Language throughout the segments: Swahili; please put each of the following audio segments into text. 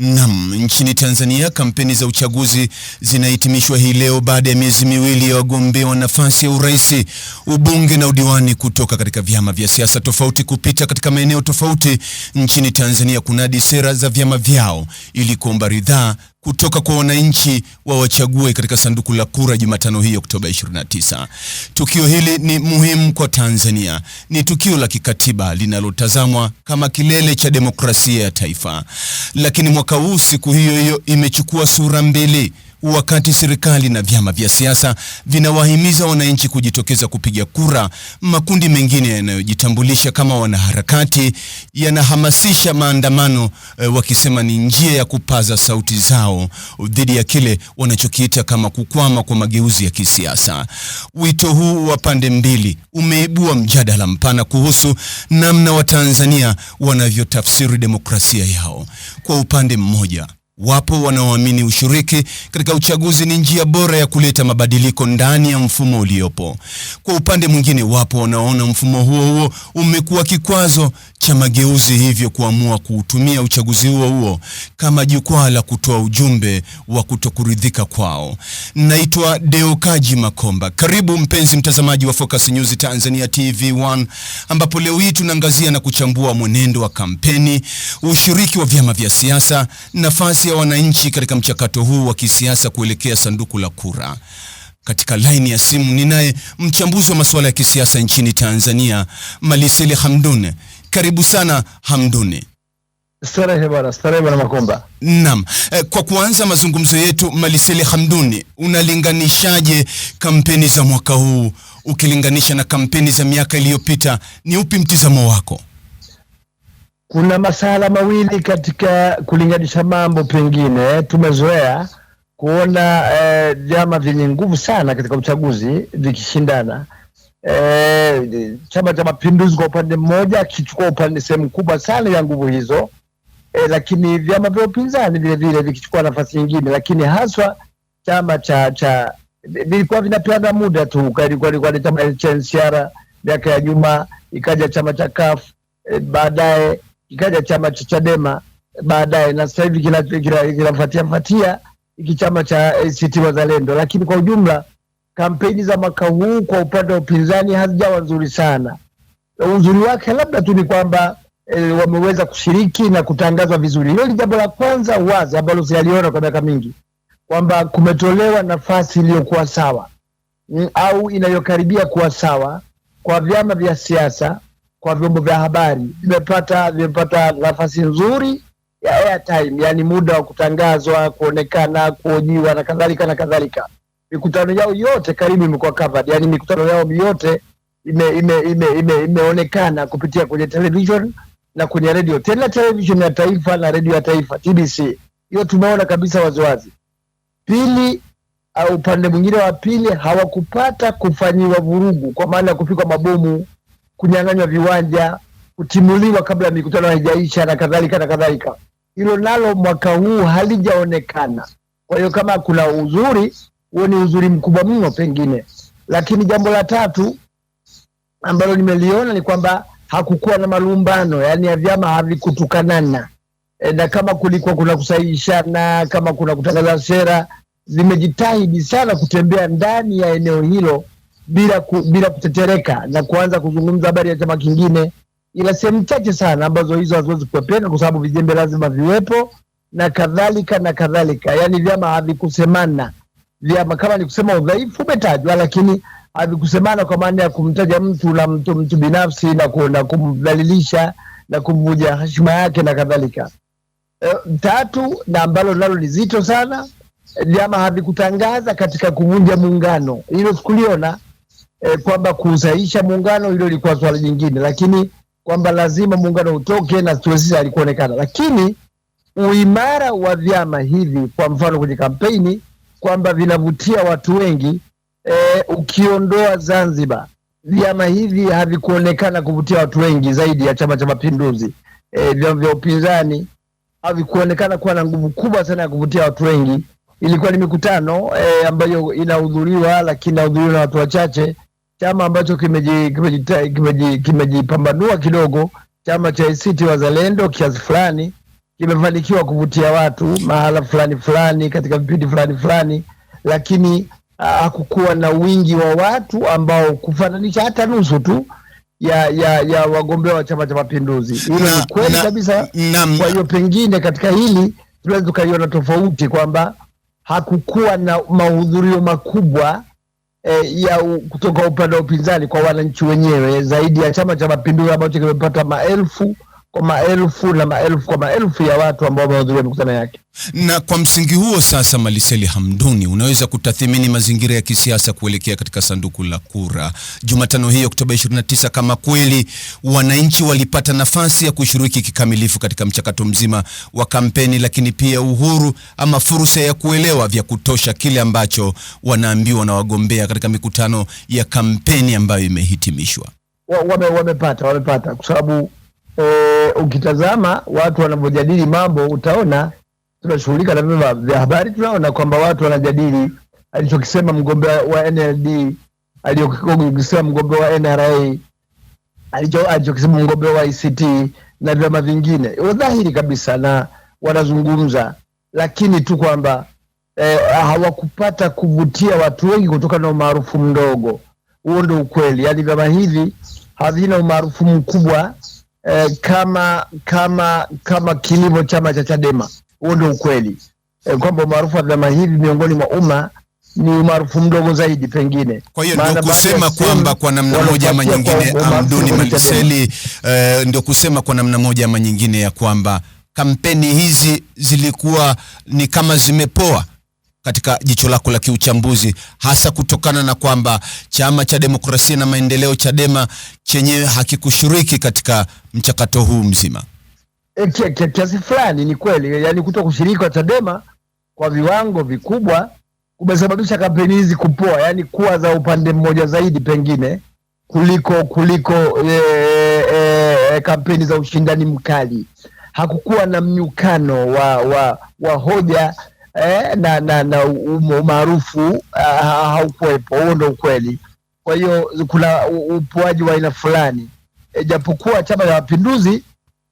Nam, nchini Tanzania kampeni za uchaguzi zinahitimishwa hii leo baada ya miezi miwili ya wagombea wa nafasi ya urais, ubunge na udiwani kutoka katika vyama vya siasa tofauti kupita katika maeneo tofauti nchini Tanzania kunadi sera za vyama vyao ili kuomba ridhaa kutoka kwa wananchi wawachague katika sanduku la kura Jumatano hii Oktoba 29. Tukio hili ni muhimu kwa Tanzania. Ni tukio la kikatiba linalotazamwa kama kilele cha demokrasia ya taifa. Lakini mwaka huu siku hiyo hiyo imechukua sura mbili. Wakati serikali na vyama vya siasa vinawahimiza wananchi kujitokeza kupiga kura, makundi mengine yanayojitambulisha kama wanaharakati yanahamasisha maandamano e, wakisema ni njia ya kupaza sauti zao dhidi ya kile wanachokiita kama kukwama kwa mageuzi ya kisiasa. Wito huu wa pande mbili umeibua mjadala mpana kuhusu namna Watanzania wanavyotafsiri demokrasia yao. Kwa upande mmoja Wapo wanaoamini ushiriki katika uchaguzi ni njia bora ya kuleta mabadiliko ndani ya mfumo uliopo. Kwa upande mwingine, wapo wanaona mfumo huo huo umekuwa kikwazo cha mageuzi, hivyo kuamua kuutumia uchaguzi huo huo kama jukwaa la kutoa ujumbe wa kutokuridhika kwao. Naitwa Deo Kaji Makomba. Karibu mpenzi mtazamaji wa Focus News Tanzania TV1, ambapo leo hii tunaangazia na kuchambua mwenendo wa kampeni, ushiriki wa vyama vya siasa, nafasi ya wananchi katika mchakato huu wa kisiasa kuelekea sanduku la kura. Katika laini ya simu ninaye mchambuzi wa masuala ya kisiasa nchini Tanzania, Maliseli Hamdun. Karibu sana Hamduni. Starehe bwana, starehe bwana Makomba. Naam, eh, kwa kuanza mazungumzo yetu, Maliseli Hamduni, unalinganishaje kampeni za mwaka huu ukilinganisha na kampeni za miaka iliyopita? Ni upi mtizamo wako? Kuna masala mawili katika kulinganisha mambo, pengine tumezoea kuona eh, vyama eh, vyenye nguvu sana katika uchaguzi vikishindana. Eh, Chama cha Mapinduzi kwa upande mmoja kichukua upande sehemu kubwa sana ya nguvu hizo eh, lakini vyama vya upinzani vilevile vikichukua nafasi nyingine, lakini haswa chama cha cha vilikuwa vinapeana muda tu. Ilikuwa ni chama cha NCCR miaka ya nyuma, ikaja chama cha CUF eh, baadaye kikaja chama cha Chadema baadaye, na sasa hivi kinafuatia fatia hiki chama cha ACT Wazalendo. Lakini kwa ujumla kampeni za mwaka huu kwa upande wa upinzani hazijawa nzuri sana. Uzuri wake labda tu ni kwamba e, wameweza kushiriki na kutangazwa vizuri. Hilo ni jambo la kwanza wazi ambalo sijaliona kwa miaka mingi, kwamba kumetolewa nafasi iliyokuwa sawa mm, au inayokaribia kuwa sawa kwa vyama vya siasa kwa vyombo vya habari vimepata vimepata nafasi nzuri ya airtime, yani muda wa kutangazwa, kuonekana, kuojiwa na kadhalika na kadhalika. Mikutano yao yote karibu imekuwa covered, yani mikutano yao yote imeonekana ime, ime, ime, imeonekana kupitia kwenye television na kwenye redio, tena television ya taifa na redio ya taifa TBC. Hiyo tumeona kabisa waziwazi. Pili, upande mwingine wa pili hawakupata kufanyiwa vurugu, kwa maana ya kupigwa mabomu kunyang'anywa viwanja, kutimuliwa kabla mikutano haijaisha na kadhalika na kadhalika. Hilo nalo mwaka huu halijaonekana. Kwa hiyo kama kuna uzuri huo, ni uzuri mkubwa mno pengine. Lakini jambo la tatu ambalo nimeliona ni kwamba hakukuwa na malumbano, yaani ya vyama havikutukanana e, na kama kulikuwa kuna kusahihishana, kama kuna kutangaza sera, zimejitahidi sana kutembea ndani ya eneo hilo bila, ku, bila kutetereka na kuanza kuzungumza habari ya chama kingine, ila sehemu chache sana ambazo hizo haziwezi kuepeka kwa sababu vijembe lazima viwepo na kadhalika na kadhalika. Yani vyama havikusemana, vyama kama ni kusema udhaifu umetajwa, lakini havikusemana kwa maana ya kumtaja mtu na mtu mtu binafsi na kumdhalilisha na kumvuja heshima yake na kadhalika. E, tatu na ambalo nalo ni zito sana, eh, vyama havikutangaza katika kuvunja muungano. Hilo sikuliona eh, kwamba kuusaisha muungano, hilo lilikuwa swala jingine, lakini kwamba lazima muungano utoke na tuwezi alikuonekana, lakini uimara wa vyama hivi, kwa mfano kwenye kampeni, kwamba vinavutia watu wengi eh, ukiondoa Zanzibar vyama hivi havikuonekana kuvutia watu wengi zaidi ya Chama cha Mapinduzi. E, vyama vya upinzani havikuonekana kuwa na nguvu kubwa sana ya kuvutia watu wengi. Ilikuwa ni mikutano e, ambayo inahudhuriwa, lakini inahudhuriwa na watu wachache chama ambacho kimejipambanua kimeji, kimeji, kimeji kidogo, chama cha ACT Wazalendo kiasi fulani kimefanikiwa kuvutia watu mahala fulani fulani katika vipindi fulani fulani, lakini hakukuwa na wingi wa watu ambao kufananisha hata nusu tu ya ya, ya wagombea wa Chama cha Mapinduzi. Hilo ni kweli kabisa. Kwa hiyo pengine katika hili tunaweza tukaiona tofauti kwamba hakukuwa na mahudhurio makubwa e, ya u, kutoka upande wa upinzani kwa wananchi wenyewe zaidi ya Chama cha Mapinduzi ambacho kimepata maelfu kwa maelfu na maelfu kwa maelfu ya watu ambao wamehudhuria mikutano yake. Na kwa msingi huo sasa, Maliseli Hamduni, unaweza kutathimini mazingira ya kisiasa kuelekea katika sanduku la kura Jumatano hii Oktoba 29, kama kweli wananchi walipata nafasi ya kushiriki kikamilifu katika mchakato mzima wa kampeni, lakini pia uhuru ama fursa ya kuelewa vya kutosha kile ambacho wanaambiwa na wagombea katika mikutano ya kampeni ambayo imehitimishwa. Wamepata wamepata, kwa sababu e, ukitazama watu wanavyojadili mambo utaona, tunashughulika na vyombo vya habari, tunaona kwamba watu wanajadili alichokisema mgombea wa NLD, aliyokisema mgombea wa NRA, alichokisema mgombea wa ICT na vyama vingine, dhahiri kabisa na wanazungumza, lakini tu kwamba e, hawakupata kuvutia watu wengi kutokana na umaarufu mdogo. Huo ndio ukweli, yaani vyama hivi havina umaarufu mkubwa eh, kama kama kama kilimo chama cha Chadema. Huo ndio ukweli eh, kwamba umaarufu wa vyama hivi miongoni mwa umma ni umaarufu mdogo zaidi pengine. Kwa hiyo ndio kusema kwamba kwa namna moja ama nyingine, Amduni um, Maliseli, eh, ndio kusema kwa namna moja ama nyingine ya kwamba kampeni hizi zilikuwa ni kama zimepoa katika jicho lako la kiuchambuzi, hasa kutokana na kwamba chama cha demokrasia na maendeleo Chadema chenyewe hakikushiriki katika mchakato huu mzima? E, kiasi fulani ni kweli, yaani kuto kushiriki kwa Chadema kwa viwango vikubwa kumesababisha kampeni hizi kupoa, yaani kuwa za upande mmoja zaidi pengine kuliko kuliko e, e, e, kampeni za ushindani mkali. Hakukuwa na mnyukano wa, wa, wa hoja eh, na na, na umaarufu ah, haukuwepo. Huo ndo ukweli. Kwa hiyo kuna upoaji wa aina fulani e, japokuwa Chama cha Mapinduzi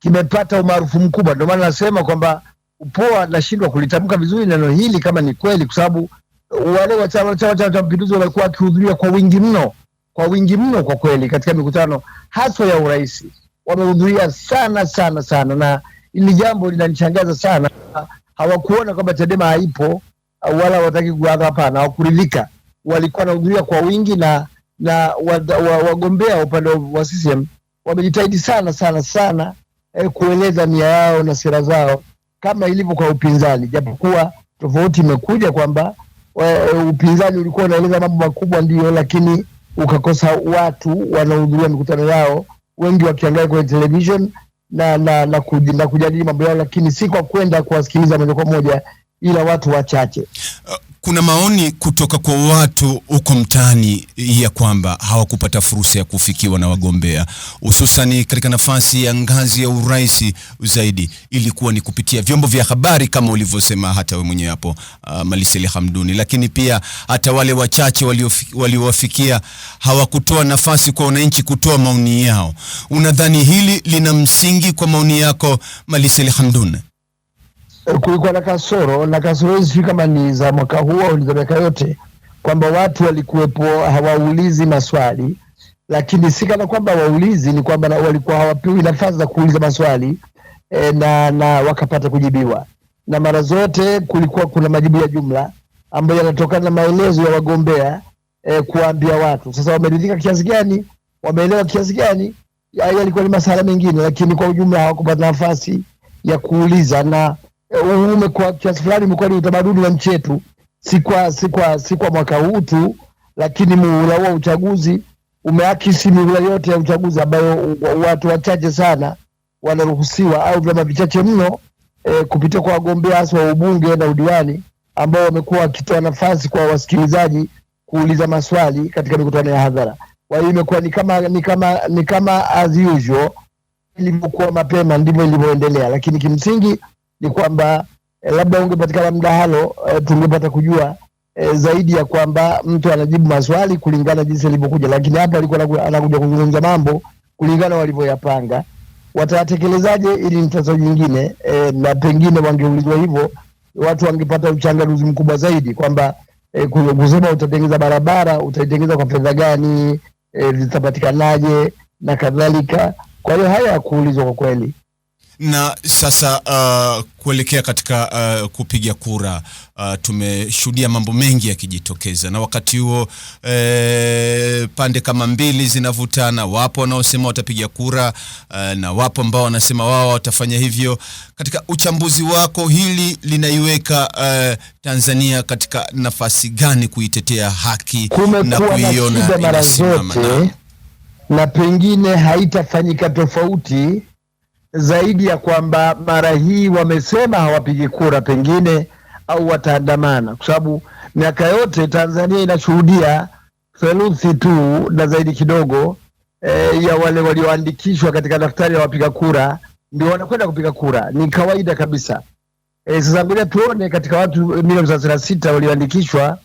kimepata umaarufu mkubwa. Ndio maana nasema kwamba upoa, nashindwa kulitamka vizuri neno hili kama ni kweli, kwa sababu wale wa chama cha Mapinduzi wamekuwa wakihudhuria kwa wingi mno, kwa wingi mno kwa kweli, katika mikutano haswa ya urais wamehudhuria sana sana sana, na ili jambo linanishangaza sana hawakuona kwamba Chadema haipo wala hawataki kuadha, hapana, hawakuridhika. Walikuwa wanahudhuria kwa wingi na na wagombea wa upande wa CCM wamejitahidi sana sana sana eh, kueleza nia yao na sera zao kama ilivyo kwa upinzani, japokuwa tofauti imekuja kwamba eh, upinzani ulikuwa unaeleza mambo makubwa ndio, lakini ukakosa watu wanaohudhuria mikutano yao, wengi wakiangalia kwenye television na, la, la, kujadili mambo yao, lakini si kwa kwenda kuwasikiliza moja kwa moja ila watu wachache. Uh, kuna maoni kutoka kwa watu huko mtaani ya kwamba hawakupata fursa ya kufikiwa na wagombea, hususan katika nafasi ya ngazi ya urais. Zaidi ilikuwa ni kupitia vyombo vya habari kama ulivyosema hata wewe mwenyewe hapo, uh, Maliseli Hamduni, lakini pia hata wale wachache waliowafikia hawakutoa nafasi kwa wananchi kutoa maoni yao. Unadhani hili lina msingi kwa maoni yako, Maliseli Hamduni? Eh, kulikuwa na kasoro, na kasoro hizi sijui kama ni za mwaka huu au ni za miaka yote, kwamba watu walikuwepo hawaulizi maswali, lakini si kana kwamba waulizi, ni kwamba walikuwa hawapewi nafasi za kuuliza maswali e, na, na wakapata kujibiwa, na mara zote kulikuwa kuna majibu ya jumla ambayo yanatokana na maelezo ya wagombea e, kuwaambia watu. Sasa wameridhika kiasi gani, wameelewa kiasi gani, yalikuwa ni masuala mengine, lakini kwa ujumla hawakupata nafasi ya kuuliza na ume kwa kiasi fulani umekuwa ni utamaduni wa nchi yetu, si kwa si kwa si kwa mwaka huu tu, lakini muhula uchaguzi umeakisi mihula yote ya uchaguzi ambayo watu wachache sana wanaruhusiwa au vyama vichache mno e, kupitia kwa wagombea hasa wa ubunge na udiwani ambao wamekuwa wakitoa nafasi kwa wasikilizaji kuuliza maswali katika mikutano ya hadhara. Kwa hiyo imekuwa ni kama ni kama ni kama as usual ilivyokuwa mapema ndivyo ilivyoendelea, lakini kimsingi ni kwamba eh, labda ungepatikana mdahalo eh, tungepata kujua eh, zaidi ya kwamba mtu anajibu maswali kulingana jinsi alivyokuja, lakini hapa alikuwa anakuja kuzungumza mambo kulingana walivyoyapanga. Watayatekelezaje? Ili ni tatizo jingine eh, na pengine wangeulizwa hivyo watu wangepata uchanganuzi mkubwa zaidi kwamba eh, kusema utatengeneza barabara, utaitengeneza kwa fedha gani, eh, zitapatikanaje na kadhalika. Kwa hiyo haya ya kuulizwa kwa kweli na sasa uh, kuelekea katika uh, kupiga kura uh, tumeshuhudia mambo mengi yakijitokeza, na wakati huo uh, pande kama mbili zinavutana. Wapo wanaosema watapiga kura uh, na wapo ambao wanasema wao watafanya hivyo. Katika uchambuzi wako, hili linaiweka uh, Tanzania katika nafasi gani kuitetea haki na kuiona mara zote na pengine haitafanyika tofauti zaidi ya kwamba mara hii wamesema hawapigi kura pengine au wataandamana, kwa sababu miaka yote Tanzania inashuhudia theluthi tu na zaidi kidogo e, ya wale walioandikishwa katika daftari la wapiga kura ndio wanakwenda kupiga kura. Ni kawaida kabisa. E, sasa ngoja tuone katika watu milioni thelathini na sita walioandikishwa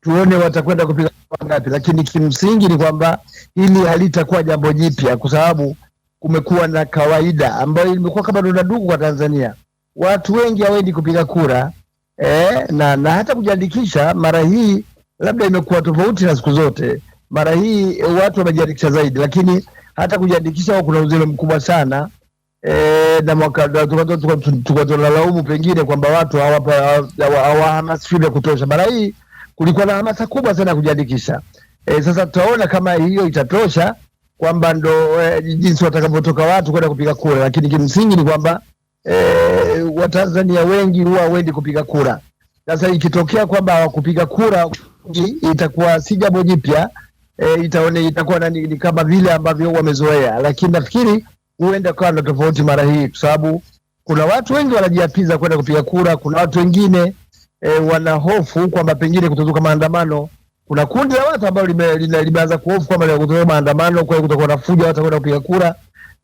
tuone watakwenda kupiga kura ngapi, lakini kimsingi ni kwamba hili halitakuwa jambo jipya kwa sababu kumekuwa na kawaida ambayo imekuwa kama ndugu kwa Tanzania. Watu wengi hawendi kupiga kura eh, na, na hata kujiandikisha mara hii labda imekuwa tofauti na siku zote. Mara hii watu wamejiandikisha zaidi, lakini hata kujiandikisha kuna uzembe mkubwa sana eh, na mwaka tukawa tunalaumu pengine kwamba watu hawahamasishwi vya kutosha. Mara hii kulikuwa na hamasa kubwa sana ya kujiandikisha. Eh, sasa tutaona kama hiyo itatosha kwamba ndo eh, jinsi watakavyotoka watu kwenda kupiga kura, lakini kimsingi ni kwamba eh, Watanzania wengi huwa wendi kupiga kura. Sasa ikitokea kwamba hawakupiga kura itakuwa si jambo jipya eh, itaone itakuwa nani, ni kama vile ambavyo wamezoea, lakini nafikiri huenda kawa na tofauti mara hii, kwa sababu kuna watu wengi wanajiapiza kwenda kupiga kura, kuna watu wengine e, eh, wana hofu kwamba pengine kutozuka maandamano kuna kundi la watu ambao limeanza kuofu kwamba kutokea maandamano, kwa hiyo kutakuwa na fujo, watu kwenda kupiga kura.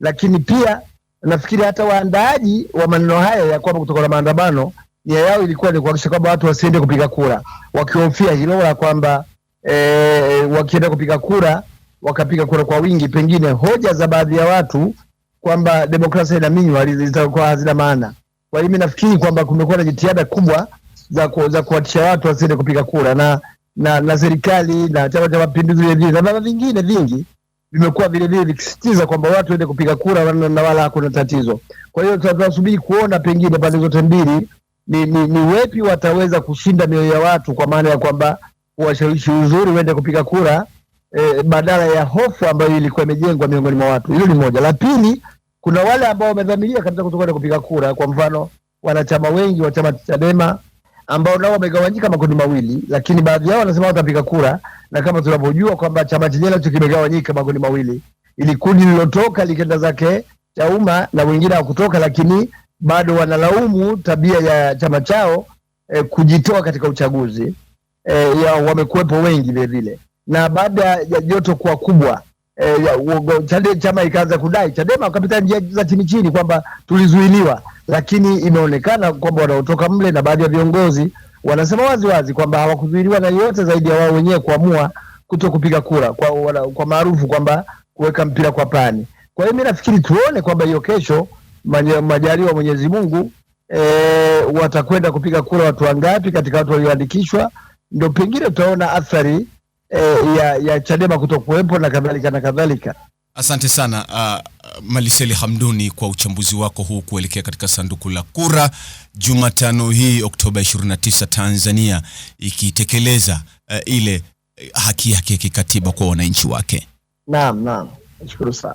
Lakini pia nafikiri hata waandaaji wa maneno haya ya kwamba kutokana na maandamano, nia yao ilikuwa ni kuhakikisha kwamba watu wasiende kupiga kura, wakihofia hilo la kwamba e, wakienda kupiga kura wakapiga kura kwa wingi, pengine hoja za baadhi ya watu kwamba demokrasia inaminywa zitakuwa hazina maana. Kwa hiyo mimi nafikiri kwamba kumekuwa na jitihada kubwa za, ku, za kuwatisha watu wasiende kupiga kura na na na serikali na Chama cha Mapinduzi vilevile na vyama vingine vingi vimekuwa vilevile vikisisitiza kwamba watu waende kupiga kura na na wala hakuna tatizo. Kwa hiyo tunasubiri kuona pengine pande zote mbili ni, ni, ni wepi wataweza kushinda mioyo ya watu kwa maana ya kwamba kuwashawishi uzuri waende kupiga kura eh, badala ya hofu ambayo ilikuwa imejengwa miongoni mwa watu. Hilo ni moja. La pili, kuna wale ambao wamedhamiria kabisa kutokwenda kupiga kura. Kwa mfano, wanachama wengi wa chama cha Chadema ambao nao wamegawanyika makundi mawili, lakini baadhi yao wanasema watapiga kura, na kama tunavyojua kwamba chama chenyewe nacho kimegawanyika makundi mawili, ili kundi lililotoka likenda zake Chauma na wengine hawakutoka, lakini bado wanalaumu tabia ya chama chao eh, kujitoa katika uchaguzi eh, ya wamekuwepo wengi vile vile, na baada ya joto kuwa kubwa eh, ya, chama ikaanza kudai Chadema wakapita njia za chini chini kwamba tulizuiliwa lakini imeonekana kwamba wanaotoka mle na baadhi ya viongozi wanasema wazi wazi kwamba hawakuzuiliwa na yeyote zaidi ya wao wenyewe kuamua kuto kupiga kura kwa, wala, kwa maarufu kwamba kuweka mpira kwa pani. Kwa hiyo mi nafikiri tuone kwamba hiyo kesho majaliwa wa Mwenyezi Mungu e, watakwenda kupiga kura watu wangapi katika watu walioandikishwa, ndo pengine tutaona athari e, ya, ya Chadema kutokuwepo na kadhalika na kadhalika. Asante sana uh, Maliseli Hamduni kwa uchambuzi wako huu kuelekea katika sanduku la kura Jumatano hii Oktoba 29, Tanzania ikitekeleza uh, ile uh, haki yake ya kikatiba kwa wananchi wake. Naam, naam. Nashukuru sana.